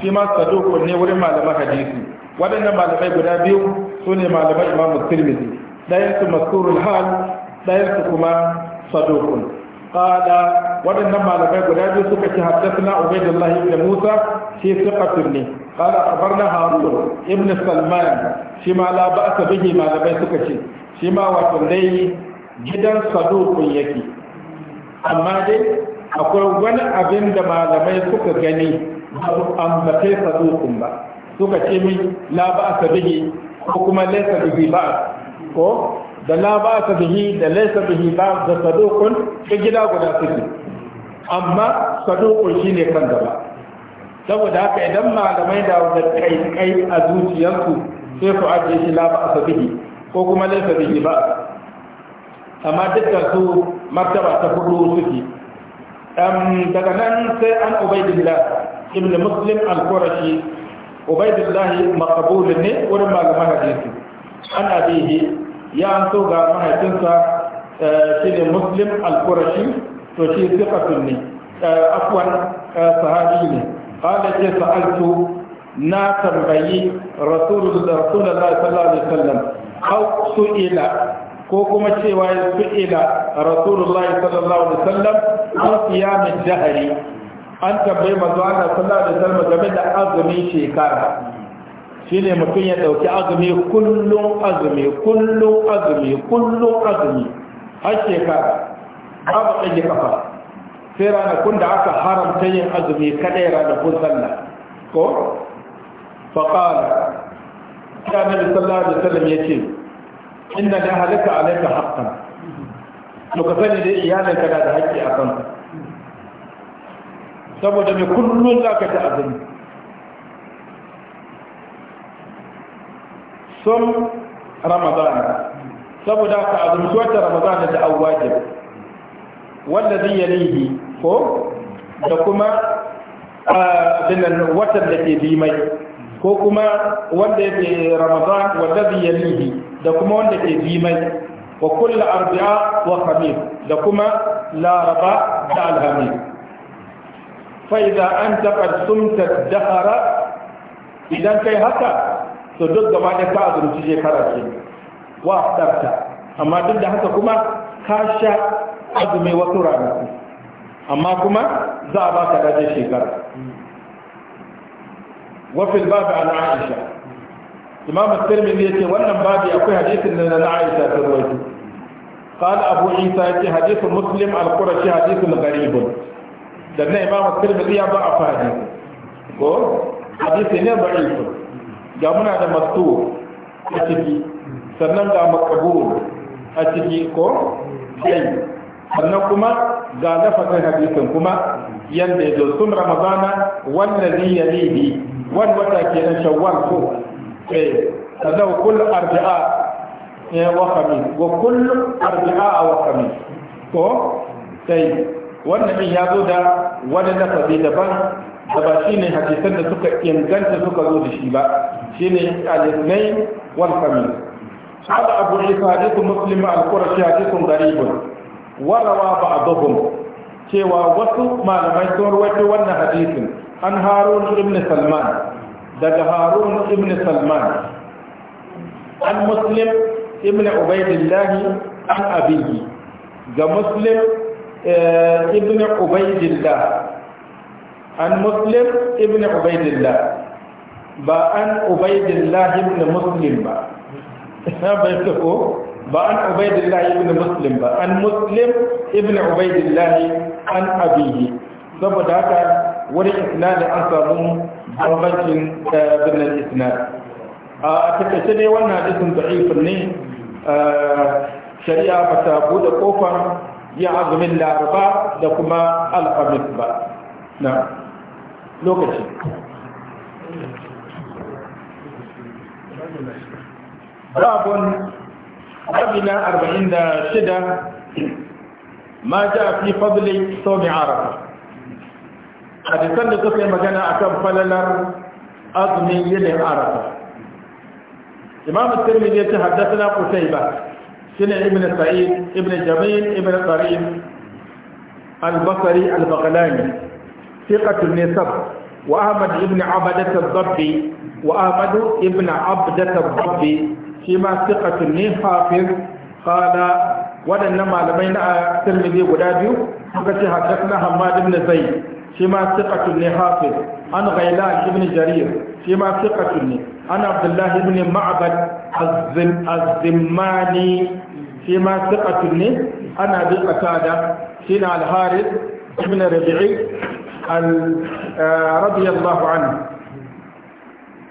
shi ma saduku ne wurin malaman hadisi waɗannan malamai guda biyu su ne malaman Imam Tirmidhi ɗayan su maskurul hal ɗayan su kuma saduku kada waɗannan malamai guda biyu suka ci na ubaidullahi ibn Musa shi thiqatun ne salman shi ma la ba شما لا malamai suka ما shi ma wato dai gidan صدوق yake amma dai akwai wani abin da malamai suka gani ba su ambatai sadukun ba suka ce min la ba a sabihi ko kuma laisa bihi ba ko da la ba a sabihi da laisa bihi ba da sadukun ta gida guda suke amma sadukun shine kan gaba saboda haka idan malamai da wanda kai a zuciyarsu sai su ajiye shi la ba a sabihi ko kuma laisa bihi ba amma dukkan su martaba ta hudu suke daga nan sai an ubaidillah ibn muslim al-qurashi ubaidillah maqbul ne wurin malaman hadisi Ana abihi ya an so ga mahaifinsa eh, shine muslim al-qurashi to shi sifatun ne eh, afwan eh, sahabi ne qala ya sa'altu na tambayi rasulullahi sallallahu alaihi wasallam aw su'ila ko kuma cewa ya su'ila rasulullah sallallahu alaihi wasallam an min jahari an tambayi mazu Allah sallallahu alaihi wasallam game da azumi shekara shine mutum ya dauki azumi kullum azumi kullum azumi kullum azumi har shekara babu ɗage kafa sai kun da aka haramta yin azumi kaɗai kun sallah ko faƙala ya nabi sallallahu alaihi wasallam ya ce inda na halaka alaika haƙƙan to ka sani dai iyalin kana da haƙƙi a kan saboda mai kullum za ka ta azumi sun ramadan saboda ka azumci wata ramadan da awwajib wanda zai yi yalihi ko da kuma ah, abin watan da ke bi mai ko kuma wanda yake ramadan wanda zai yalihi da kuma wanda ke bi mai wa kullu arba'a wa khamis da kuma laraba da alhamis fa idza anta qad sumta dahara idan kai haka to duk gaba da ka azurci shekara ce wa tsarta amma duk da haka kuma ka sha azumi wasu ranaku amma kuma za a baka daje shekara wa fil babi an aisha imam at-tirmidhi yace wannan babi akwai hadisin da na aisha قال أبو عيسى في حديث مسلم القرشي حديث غريب لأن إمام الترمذي ضعف حديثه hadisi ne da'ifu ga muna da mastu a ciki sannan ga makabul a ciki ko sai sannan kuma ga lafazin hadisin kuma yanda ya ramadana wallazi yalihi wani wata ke na shawar ko eh sannan kullu arba'a ya eh, wa khamis wa kullu arba'a wa ko sai wannan min ya zo da wani lafazi daban da ba shine hadisan da suka inganta suka zo da shi ba shi ne ithnain wakami khamis hada abu isa hadithu muslim al-qurashi hadithun gharibun warawa a cewa wasu malamai sun rawaito wannan hadisin an harun ibn salman daga harun ibn salman an muslim ibn ubaidillahi an abiyi ga muslim ibn ubaidillah an muslim ibn ubaidillah ba an ubaidillah ibn muslim ba ba an ubaidillah ibn muslim ba an muslim ibn ubaidillah an abiyi saboda haka wani isnadi an samu bambancin eh, birnin isnadi a takaice ne wannan hadisin da'ifin ne eh, shari'a ba ta bude kofar yin azumin laraba da kuma alhamis ba na lokaci babun abina arba'in da shida ma ja fi fadli somi arafa hadisan da suka yi magana kan falalar azumin yinin arafa imamu tirmidhi ya ce ba, shi ne ibn sa'id ibn jamil ibn qarim al-basri al-baghlani ثقة النسب وأحمد ابن عبدة الضبي وأحمد ابن عبدة الضبي فيما ثقة حافظ قال guda biyu, الترمذي ce فقد حدثنا حماد بن زيد فيما ثقة بن حافظ عن غيلان بن جرير فيما ثقة بن عن عبد الله بن معبد الزماني فيما ثقة بن عن أبي قتادة سيما الحارث بن ربيعي آه، رضي الله عنه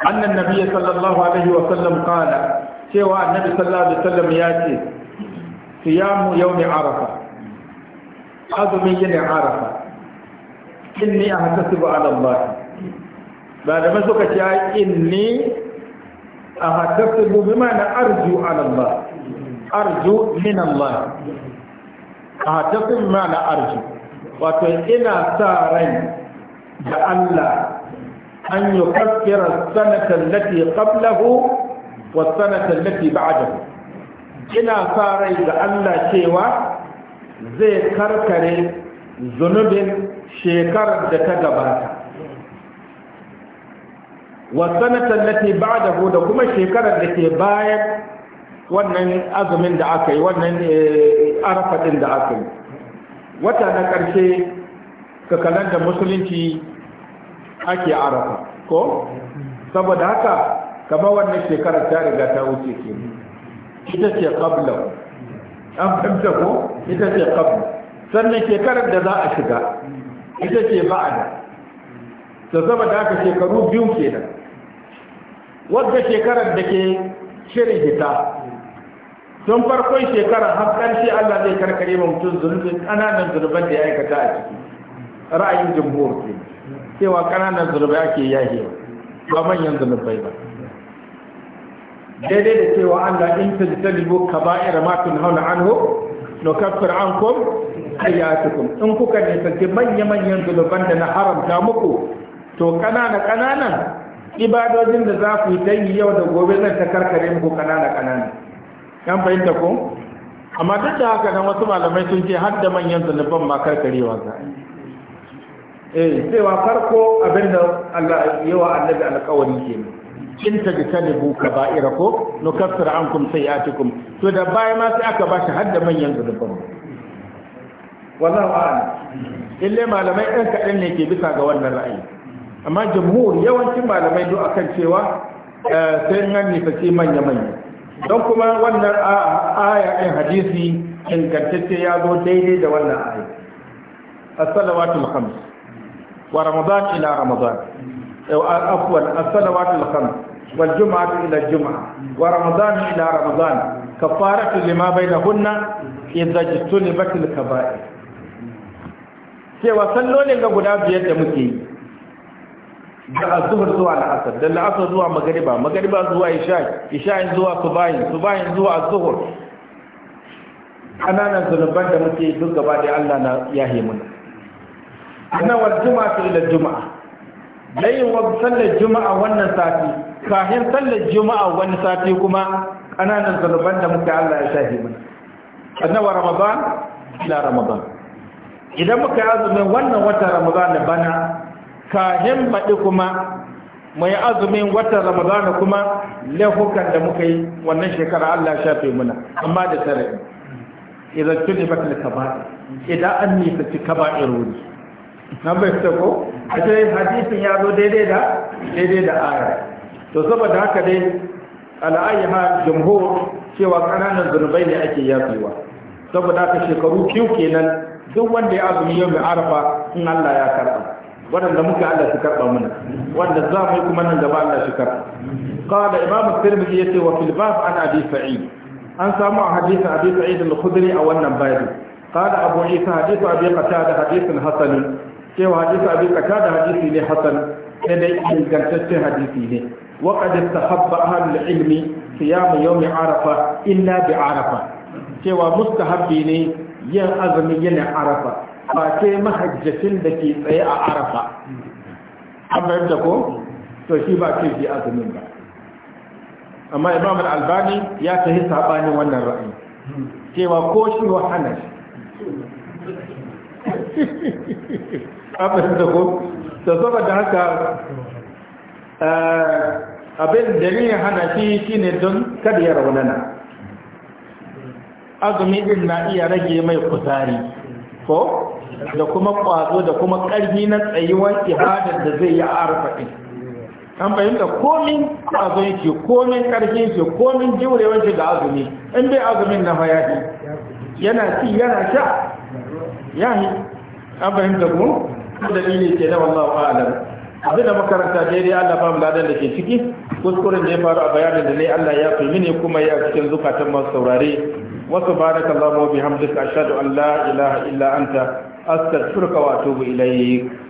أن النبي صلى الله عليه وسلم قال سوى النبي صلى الله عليه وسلم يأتي صيام يوم عرفة أظمي يوم عرفة inni a haka su ba'alan ba masu suka ce inni a haka su bubi mana arju alan ba arju minan ba a haka su mana arju wato ina sa rai da Allah an yi kafira sanatar lati kablahu wa sanatar lati ba'dahu ina sa rai da Allah cewa zai karkare zunubin shekarar da ta gabata wasanatar da ke ba da da kuma shekarar da ke bayan wannan azumin da aka yi wannan eh, arafaɗin da aka yi wata na ƙarshe ka da musulunci ake arafa ko saboda haka kama wannan shekarar ta riga ta wuce ke ita ce qabla, an fahimta ko ita ce ƙabla sannan shekarar da za a shiga ita ce ba'ada ta zama da aka shekaru biyu kenan wadda shekarar da ke shirin hita tun farkon shekarar har ƙarshe Allah zai karkare ma mutum zunubin ƙananan zunuban da ya aikata a ciki ra'ayin jumhur ke cewa ƙananan zunubai ake yahewa ba manyan zunubai ba daidai da cewa Allah in ka ba'ira ma hauna anhu nukaffir ankum ayatukum in kuka nisanci manya-manyan zuluban da na haramta muku to ƙanana kanana ibadojin da za ku yi ta yi yau da gobe zan ta karkare muku ƙanana kanana yan fahimta ko amma duk da haka nan wasu malamai sun ce har da manyan zuluban ma karkarewa za eh cewa farko da Allah yawa annabi alƙawari kenan in ta ji ta nebu ka ba'ira ko nukassar an kum sai ya cikum to da baya ma sai aka ba shi har da manyan zunuban wallahu a'lam illai malamai ɗan kaɗan ne ke bisa ga wannan ra'ayi amma jamhur yawancin malamai duk akan cewa eh, sai in an ce manya manya don kuma wannan aya ɗin hadisi ingantacce ya zo daidai da wannan aya as-salawatul khams wa ramadan ila ramadan afwan as-salawatul khams wal jum'atu ila jum'a wa ramadan ila ramadan kafaratu lima bainahunna idza jtunibat al-kaba'ir cewa sallolin ga guda biyar da muke yi da azuhur zuwa la'asar da la'asar zuwa magariba magariba zuwa isha'i isha'i zuwa subahin subahin zuwa azuhur ƙananan zunuban da muke duk gaba da Allah na yahe mun ana wal juma'a ta ila juma'a layin wa sallar juma'a wannan sati kafin sallar juma'a wani sati kuma ƙananan zunuban da muke Allah ya shahe mun ana wa ramadan ila ramadan idan muka yi azumin wannan wata ramadana bana kahin baɗi kuma mu yi azumin watan ramadana kuma laifukan da muka yi wannan shekara Allah shafe muna amma da sarari idan tuni ba ta kaba idan an nisa ci kaba irori na bai ta ko a ce hadisin ya zo daidai da daidai da aya to saboda haka dai al'ayyaha jumhur cewa kananan zunubai ne ake yafewa saboda haka shekaru biyu kenan duk wanda ya azumi yau mai arafa in Allah ya karɓa waɗanda muke Allah shi karɓa mana wanda za mu yi kuma nan gaba Allah shi karɓa qala imam at-tirmidhi yace wa fil bab an abi sa'id an samu a hadisi abi sa'id al-khudri a wannan babu qala abu isa hadithu abi qatada hadithun hasan cewa hadithu abi qatada hadisi ne hasan sai dai ingantaccen hadisi ne وقد siya أهل العلم صيام arafa عرفة bi arafa. cewa mustahabbi ne yin azumi yana arafa ba sai mahajjacin da ke tsaye a arafa abin da ko to shi ba ce shi azumin ba amma imam al-albani ya tafi sabanin wannan ra'ayi cewa ko shi wa hana shi eh, abin da ko da saboda haka abin da ne hana shi shine don kada ya raunana azumi din na iya rage mai kuzari ko da kuma kwazo da kuma ƙarfi na tsayuwar ibadar da zai yi a arfa'in an fahimta komin kwazo yake komin ƙarfi yake komin jurewar shi da azumi in bai azumin na fayaɗi yana ci yana sha yahi an fahimta ko dalili ke na wallahu a'lam abin da makaranta daidai Allah ba mu ladan da ke ciki kuskuren da ya faru a bayanin da ne Allah ya fi mini kuma ya cikin zukatan masu saurare Wasu subhanaka allahumma wa bihamdika ashhadu an la ilaha illa anta astaghfiruka wa atubu ilayk